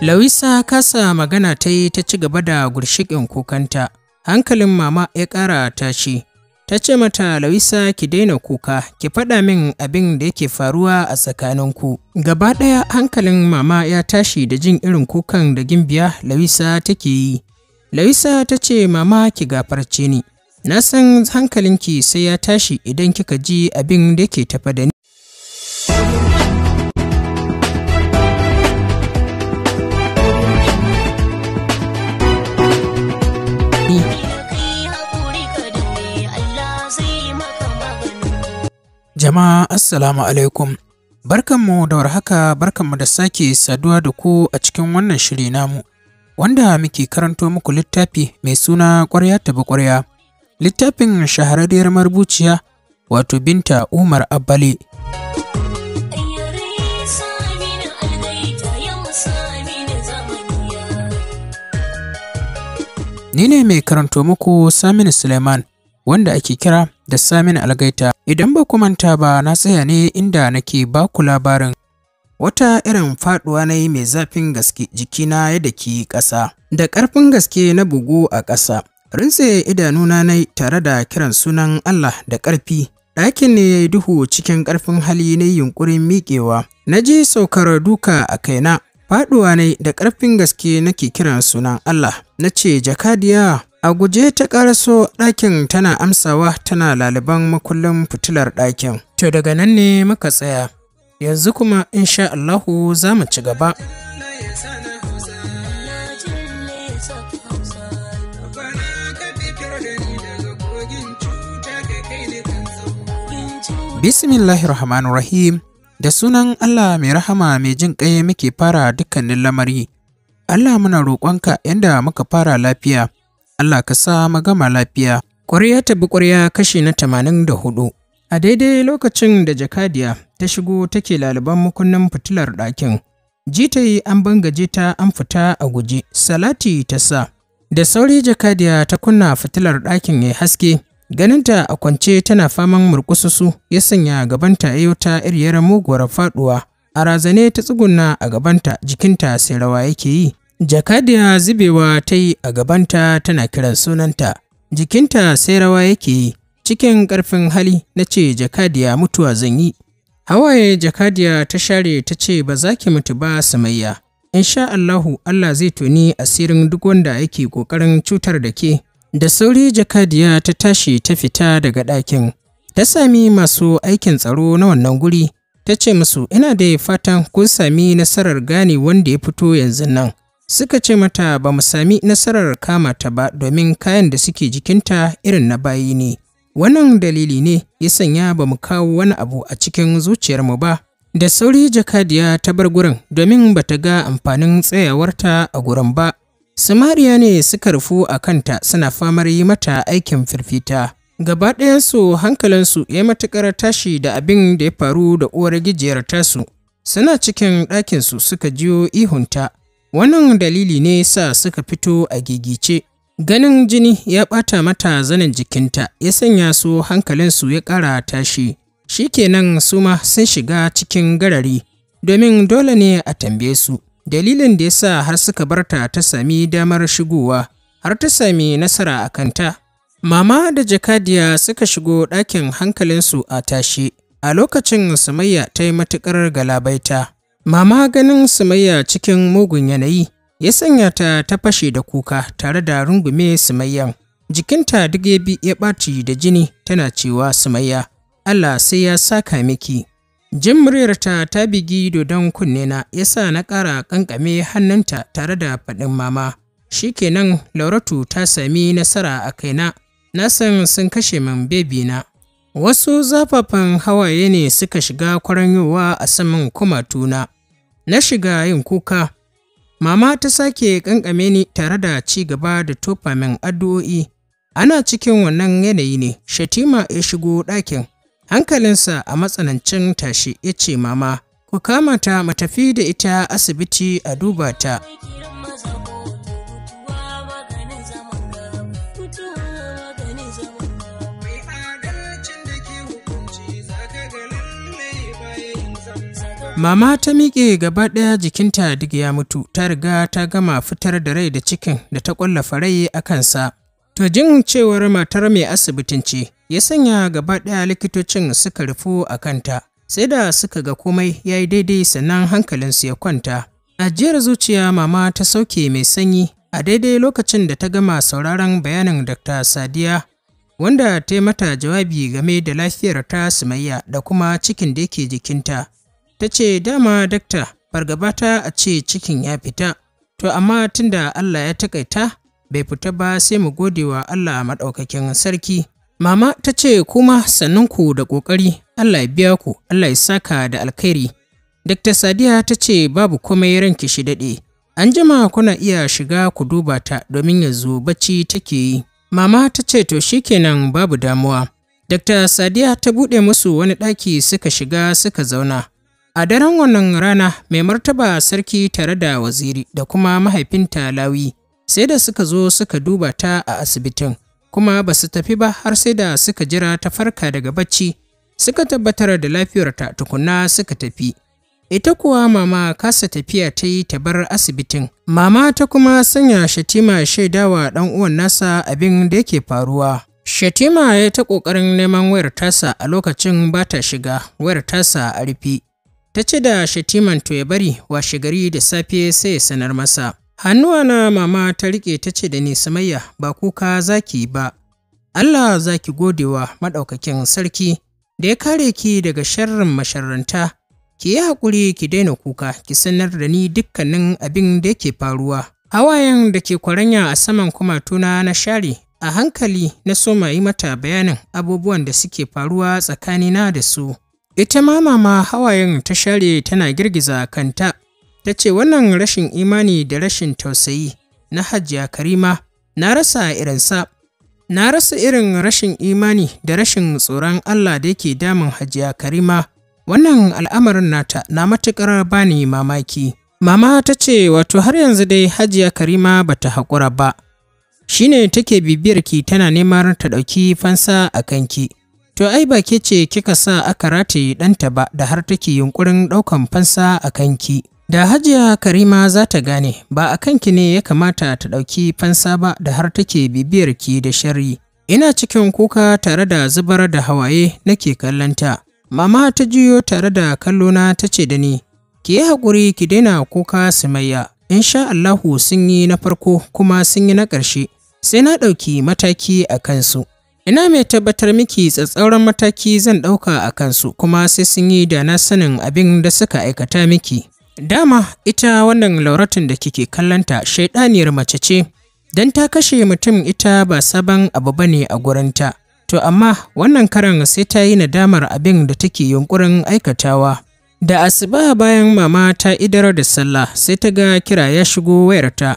Lawisa kasa magana ta yi ta ci gaba da gurshikin kukanta. Hankalin mama ya ƙara tashi. Ta ce mata Lawisa ki daina kuka, ki faɗa min abin da yake faruwa a tsakaninku. Gaba ɗaya hankalin mama ya tashi da jin irin kukan da gimbiya Lawisa take yi. Lawisa ta ce mama ki gafarce ni. Na san hankalinki sai ya tashi idan kika ji abin da yake tafa da ni. Jama'a Assalamu alaikum. Barkanmu da warhaka, barkanmu da sake saduwa da ku a cikin wannan shiri namu, wanda muke karanto muku littafi mai suna ƙwarya bi ƙwarya. Littafin shahararriyar marubuciya wato Binta Umar Abbali. Ni ne mai karanto muku Saminu Suleiman. wanda ake kira da Samin Algaita. Idan ba ku manta ba na tsaya ne inda nake ba ku labarin wata irin faduwa na mai zafin gaske jikina ya daki ƙasa. Da ƙarfin gaske na bugu a ƙasa, rinse idanuna na tare da kiran sunan Allah da ƙarfi. Ɗakin ne ya yi duhu cikin ƙarfin hali na yunƙurin miƙewa. Na ji saukar duka a kaina, faɗuwa ne da ƙarfin gaske nake kiran sunan Allah. Na ce, Jakadiya, A guje ta ƙaraso ɗakin tana amsawa tana laliban makullin fitilar ɗakin. To daga nan ne muka tsaya. Yanzu kuma insha Allahu za mu ci gaba. Bismillahirrahmanirrahim da sunan Allah mai rahama mai jin ƙai muke fara dukkanin lamari. Allah muna roƙonka yadda muka fara lafiya. Allah ka sa magama lafiya. Ƙwarya ta bi ƙwarya kashi na tamanin da hudu. A daidai lokacin da jakadiya ta shigo take laliban makunnin fitilar ɗakin. Jita yi an bangaje ta an fita a guje, salati ta sa. Da sauri jakadiya ta kunna fitilar ɗakin ya haske, ganinta a kwance tana faman murkususu ya sanya gabanta ya ta iriyar muguwar faɗuwa. A razane ta tsuguna a gabanta jikinta sai rawa yake yi. Jakadiya zubewa ta yi a gabanta tana kiran sunanta, jikinta sai rawa yake cikin ƙarfin hali na ce jakadiya mutuwa zan yi. Hawaye jakadiya ta share ta ce ba za ki mutu ba samayya. sha Allahu Allah zai toni asirin duk wanda yake ƙoƙarin cutar da ke. Da sauri jakadiya ta tashi ta fita daga ɗakin. Ta sami masu aikin tsaro na wannan guri, ta ce musu ina da fatan kun sami nasarar gane wanda ya fito yanzu nan. Suka ce mata ba mu sami nasarar kama ta ba domin kayan da suke jikinta irin na bayi ne. Wannan dalili ne ya sanya ba mu kawo wani abu a cikin zuciyarmu ba. Da sauri jakadiya ta bar gurin domin ba ta ga amfanin tsayawarta a gurin ba. Samariya ne suka rufu a kanta suna famar yi mata aikin firfita. Gaba ɗayansu hankalinsu ya matuƙar tashi da abin da ya faru da uwar gijiyar tasu. Suna cikin ɗakinsu suka jiyo ihunta Wannan dalili ne sa suka fito a gigice. Ganin jini ya ɓata mata zanen jikinta ya sanya su hankalinsu ya ƙara tashi. Shi kenan su ma sun shiga cikin garari domin dole ne a tambaye su. Dalilin da ya sa har suka barta ta sami damar shigowa har ta sami nasara a kanta. Mama da Jakadiya suka shigo ɗakin hankalinsu a tashe, a lokacin samayya ta yi matuƙar galabaita. Mama ganin Sumayya cikin mugun yanayi ya sanya ta ta fashe da kuka tare da rungume Sumayyan. Jikinta duk ya bi ya ɓaci da jini tana cewa Sumayya, Allah sai ya saka miki. Jin muryarta ta bigi dodon kunne na, ya sa na ƙara ƙanƙame hannunta tare da faɗin mama. Shi kenan Lauratu ta sami nasara a kaina, na san sun kashe min bebina. Wasu zafafan hawaye ne suka shiga kwaranyowa a saman kumatuna, na shiga yin kuka. Mama ta sake ƙanƙame ni tare da ci gaba da tofa min addu'o'i. Ana cikin wannan yanayi ne, Shatima ya shigo ɗakin. Hankalinsa a matsanancin tashi ya ce, Mama, ku kama ta mu da ita asibiti a duba ta. Mama ta miƙe gaba ɗaya jikinta duk ya mutu, ta riga ta gama fitar da rai da cikin da ta ƙwallafa rai a kansa. To jin cewar matar mai asibitin ce, ya sanya gaba ɗaya likitocin suka rufu a kanta, sai da suka ga komai ya yi daidai sannan hankalinsu ya kwanta. Ajiyar zuciya mama ta sauke mai sanyi a daidai lokacin da ta gama sauraron bayanin Dr. Sadiya wanda ta mata jawabi game da lafiyar ta sumayya da kuma cikin da yake jikinta. ta ce dama dakta fargaba ta a ce cikin ya fita to amma tunda Allah ya takaita bai fita ba sai mu gode wa Allah maɗaukakin sarki mama ta ce kuma sannanku da ƙoƙari Allah ya biya ku Allah ya saka da alkhairi Dr. Sadiya ta ce babu komai ranki shi daɗe. An jima kuna iya shiga ku duba ta domin yanzu bacci take yi. Mama ta ce to shikenan babu damuwa. Dr. Sadiya ta buɗe musu wani ɗaki suka shiga suka zauna. A daren wannan rana, mai martaba sarki tare da waziri da kuma mahaifinta Lawi, sai da suka zo suka duba ta a asibitin, kuma ba su tafi ba har sai da suka jira ta farka daga bacci, suka tabbatar da lafiyarta tukunna suka tafi. Ita kuwa mama kasa tafiya ta yi ta bar asibitin. Mama ta kuma sanya Shatima shaidawa ɗan uwan nasa abin da yake faruwa. Shatima ya ta ƙoƙarin neman wayar tasa a lokacin ba ta shiga, wayar tasa a rufe. ta ce da shatiman to ya bari washe gari da safe sai ya sanar masa hannuwa na mama ta riƙe ta ce da ni samayya ba kuka zaki ba allah zaki godewa maɗaukakin sarki da ya kare ki daga sharrin masharranta ki yi haƙuri ki daina kuka ki sanar da ni dukkanin abin da yake faruwa hawayen da ke kwaranya a saman kumatuna na share a hankali na so yi mata bayanin abubuwan da suke faruwa tsakanina da su Ita ma mama hawayen ta share tana girgiza kanta, ta ce wannan rashin imani da rashin tausayi na hajiya Karima na rasa irinsa. Na rasa irin rashin imani da rashin tsoron Allah da yake damun hajiya Karima, wannan al'amarin nata na matuƙar bani mamaki. Mama ta ce wato har yanzu dai hajiya Karima bata haƙura ba, shi ne take ki tana neman ta ɗauki fansa a kanki. To ai ba ke ce kika sa aka rataye ɗanta ba da har take yunƙurin ɗaukan fansa a kanki. Da Hajiya Karima za ta gane ba a kanki ne ya kamata ta ɗauki fansa ba da har take bibiyar ki da shari. Ina cikin kuka tare da zubar da hawaye nake kallonta. Mama ta juyo tare da kallona ta ce da ni, ki yi haƙuri ki daina kuka in Insha Allahu sun yi na farko kuma sun yi na ƙarshe. Sai na ɗauki mataki a kansu. ina mai tabbatar miki tsatsauran mataki zan ɗauka a kansu kuma sai sun yi da na sanin abin da suka aikata miki dama ita wannan lauratin da kike kallanta shaidaniyar mace ce don ta kashe mutum ita ba sabon abu ba ne a gurinta to amma wannan karan sai ta yi nadamar abin da take yunkurin aikatawa da asuba bayan mama ta idar da sallah sai ta ga kira ya shigo wayarta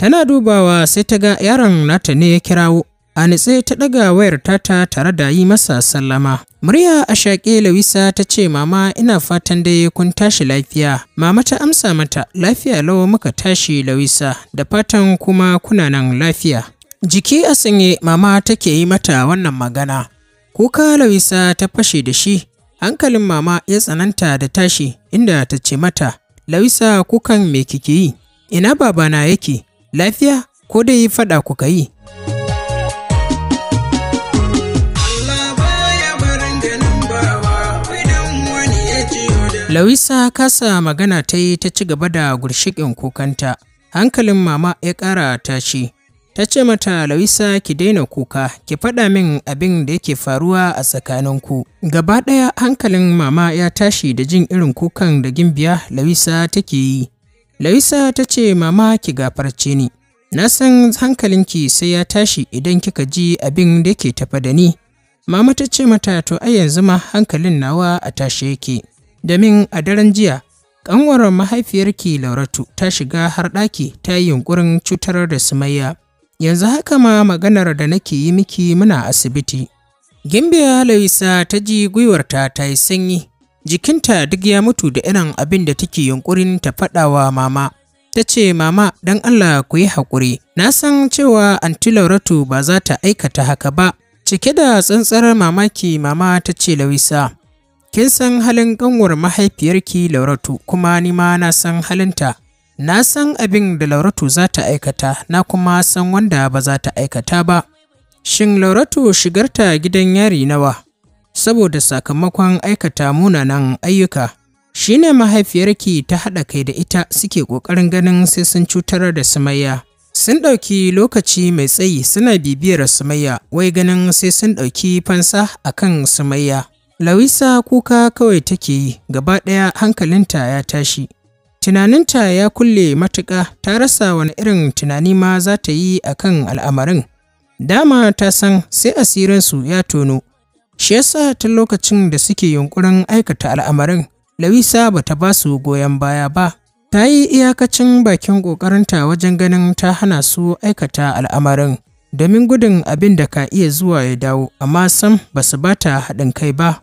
tana dubawa sai ta ga yaron nata ne ya kirawo A nitse ta ɗaga wayar tata tare da yi masa sallama. Murya a shaƙe Lawisa ta ce mama ina fatan dai kun tashi lafiya. Mama ta amsa mata lafiya lawa muka tashi Lawisa da fatan kuma kuna nan lafiya. Jiki a sanye mama take yi mata wannan magana. Kuka Lawisa ta fashe da shi. Hankalin mama ya tsananta da tashi inda ta ce mata Lawisa kukan me kike yi? Ina babana yake? Lafiya? Ko dai faɗa kuka yi? Lawisa kasa magana ta yi ta ci gaba da gurshikin kukanta. Hankalin mama ya ƙara tashi. Ta ce mata Lawisa ki daina kuka, ki faɗa min abin da yake faruwa a tsakaninku. Gaba ɗaya hankalin mama ya tashi da jin irin kukan da gimbiya Lawisa take yi. Lawisa ta ce mama ki gafarce ni. Na san hankalinki sai ya tashi idan kika ji abin da yake tafa da ni. Mama ta ce mata to ai yanzu ma hankalin nawa a tashe yake. domin a daren jiya ƙanwar mahaifiyarki lauratu ta shiga har ɗaki ta yi yunƙurin cutar da sumayya yanzu haka ma maganar da nake yi miki muna asibiti gimbiya laisa ta ji gwiwarta ta yi sanyi jikinta duk ya mutu da irin abin da take yunƙurin ta faɗawa mama ta ce mama don allah ku yi haƙuri na san cewa anti lauratu ba za ta aikata haka ba cike da tsantsar mamaki mama ta ce lawisa Kin san halin ƙanwar mahaifiyarki Lauratu kuma ni ma na san halinta. Na san abin da Lauratu za ta aikata na kuma san wanda ba za ta aikata ba. Shin Lauratu shigarta gidan yari nawa? Saboda sakamakon aikata munanan ayyuka. shine mahaifiyarki ta haɗa kai da ita suke ƙoƙarin ganin sai sun cutar da Sumayya. Sun ɗauki lokaci mai tsayi suna bibiyar Sumayya wai ganin sai sun ɗauki fansa a kan Sumayya. Lawisa kuka kawai take yi, gaba ɗaya hankalinta ya tashi. Tunaninta ya kulle matuƙa ta rasa wani irin tunani ma za ta yi a kan al'amarin. Dama ta san sai asirinsu ya tono. Shi yasa ta lokacin da suke yunƙurin aikata al'amarin, Lawisa ba ta ba su goyon baya ba. Ta yi iyakacin bakin ƙoƙarinta wajen ganin ta hana su aikata al'amarin. domin gudun abin da ka iya zuwa ya dawo amma sam ba su ba ta haɗin kai ba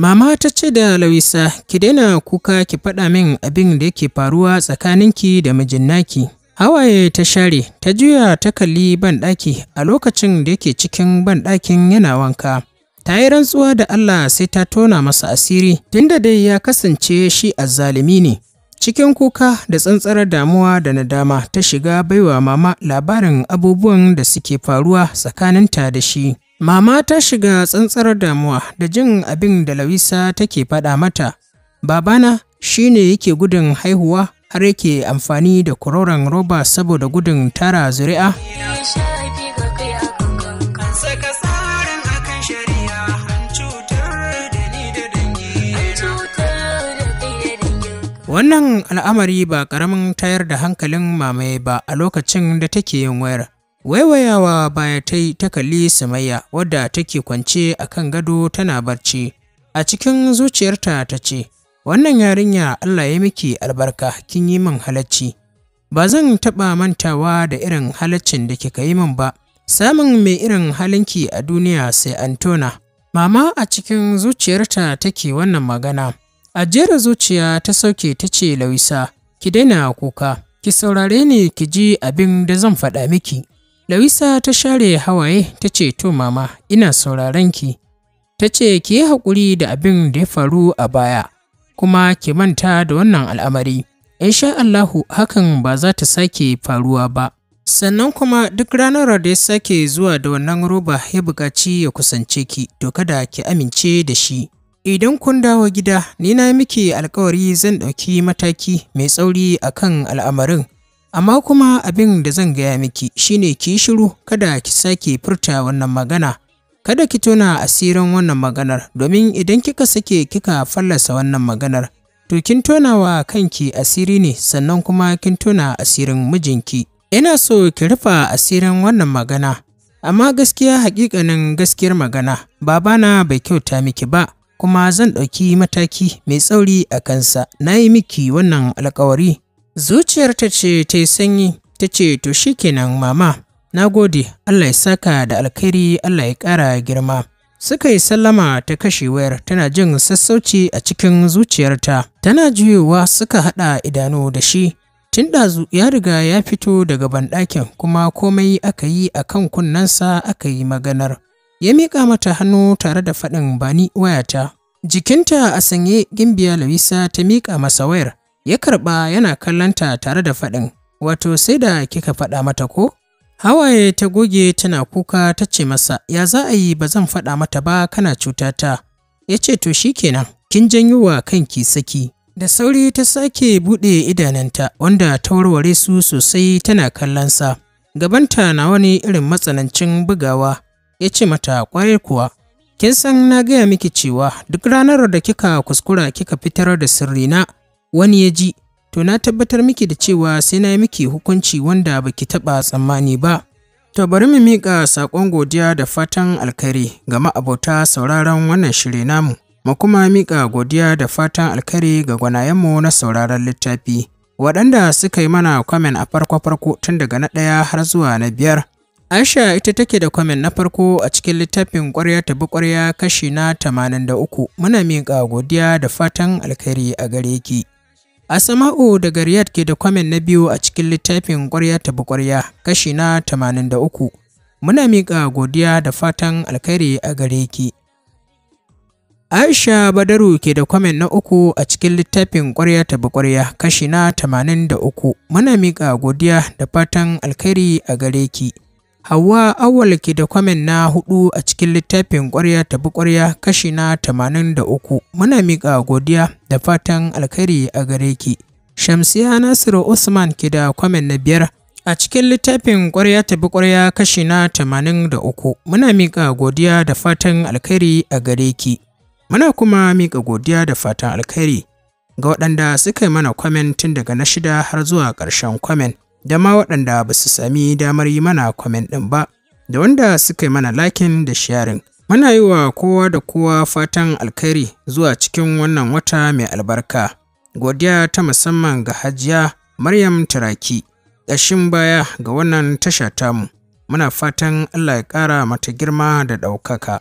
Mama ta ce da Lawisa, ki daina kuka ki faɗa min abin da yake faruwa tsakaninki da mijinnaki. Hawaye ta share, ta juya ta kalli banɗaki a lokacin da yake cikin banɗakin yana wanka. Ta yi rantsuwa da Allah sai ta tona masa asiri, tunda dai ya kasance shi azzalimi ne. Cikin kuka da tsantsarar damuwa da nadama ta shiga baiwa mama labarin abubuwan da suke faruwa tsakaninta da shi. Mama ta shiga tsantsar damuwa da jin abin da Lawisa take faɗa mata. Babana shi ne yake gudun haihuwa har yake amfani da kuroron roba saboda gudun tara zuri'a. Wannan al'amari ba ƙaramin tayar da hankalin mamaye ba a lokacin da take yin wayar. Waiwayawa baya ta yi ta kalli samayya wadda take kwance a kan gado tana barci. A cikin zuciyarta ta ce, Wannan yarinya Allah ya miki albarka kin yi min halacci. Ba zan taɓa mantawa da irin halaccin da kika yi min ba. Samun mai irin halinki a duniya sai Antona. Mama a cikin zuciyarta take wannan magana. A jera zuciya ta sauke ta ce Lawisa, ki daina kuka, ki saurare ni ki ji abin da zan faɗa miki. Lawisa ta share hawaye ta ce, To mama, ina sauraron ki. Ta ce, Ki yi haƙuri da abin da ya faru a baya, kuma ki manta da wannan al'amari. Insha Allahu hakan ba za ta sake faruwa ba. Sannan kuma duk ranar da ya sake zuwa da wannan roba ya buƙaci ya kusance ki, to kada ki amince da shi. Idan kun dawo gida, ni na miki alkawari zan ɗauki mataki mai tsauri akan al'amarin. Amma kuma abin da zan gaya miki shine ki shiru kada ki sake furta wannan magana. Kada ki tona asirin wannan maganar domin idan kika sake kika fallasa wannan maganar to kin tona wa kanki asiri ne sannan kuma kin tona asirin mijinki. Ina so ki rufa asirin wannan magana amma gaskiya hakikanin gaskiyar magana babana bai kyauta miki ba. kuma zan ɗauki mataki mai tsauri a kansa na yi miki wannan alƙawari. Zuciyar ta ce ta yi sanyi ta ce to shikenan mama na gode allah ya saka da alkhairi allah ya ƙara girma suka yi sallama ta kashe wayar tana jin sassauci a cikin zuciyarta tana juyowa suka haɗa idanu da shi tun ɗazu ya riga ya fito daga banɗakin kuma komai aka yi a kan kunnensa aka yi maganar ya miƙa mata hannu tare da faɗin bani wayata jikinta a sanye gimbiya lawisa ta miƙa masa wayar Ya karɓa yana kallonta tare da faɗin, wato sai da kika faɗa mata ko? Hawaye ta goge tana kuka ta ce masa, ya za a yi ba zan faɗa mata ba kana cuta ta. Ya ce to shi kenan, kin janyo wa kanki saki. Da sauri ta sake buɗe idananta wanda ta warware su sosai tana kallonsa. Gabanta na wani irin matsanancin bugawa, ya ce mata ƙwarai kuwa. Kin san na gaya miki cewa duk ranar da kika kuskura kika fitar da sirri na. wani ya ji, to na tabbatar miki da cewa sai na yi miki hukunci wanda baki taɓa tsammani ba. To bari mu miƙa saƙon godiya da fatan alkhairi ga ma'abota sauraron wannan shiri namu, mu kuma miƙa godiya da fatan alkhairi ga gwanayenmu na sauraron littafi. Waɗanda suka yi mana kwamen a farko-farko tun daga na ɗaya har zuwa na biyar. Aisha ita take da kwamen na farko a cikin littafin ƙwarya bi ƙwarya kashi na tamanin da uku, muna miƙa godiya da fatan alkhairi a gare ki. Asama'u da Gariyat ke da kwamen na biyu a cikin littafin ƙwarya ta ƙwarya kashi na 83. Muna miƙa godiya da fatan alkhairi a gare ki. Aisha Badaru ke da kwamen na uku a cikin littafin ƙwarya ta ƙwarya kashi na 83. Muna miƙa godiya da fatan alkhairi a gare ki. Hauwa Awal ke da kwamen na hudu a cikin littafin ƙwarya tafi ƙwarya kashi na tamanin da uku. Muna miƙa godiya da fatan alkhairi a gare ki. Shamsiya Nasiru Usman ke da kwamen na biyar a cikin littafin ƙwarya tafi ƙwarya kashi na tamanin da uku. Muna miƙa godiya da fatan alkhairi a gare ki. Muna kuma miƙa godiya da fatan alkhairi ga waɗanda suka yi mana kwamen tun daga na shida har zuwa ƙarshen kwamen. da ma waɗanda ba su sami damar yi mana kwamen ɗin ba, da wanda suka yi mana lakin da sharin Muna yi wa kowa da kowa fatan alkhairi zuwa cikin wannan wata mai albarka. Godiya ta musamman ga Hajiya Maryam Turaki, ƙashin baya ga wannan tasha tamu. Muna fatan Allah ya ƙara mata girma da ɗaukaka.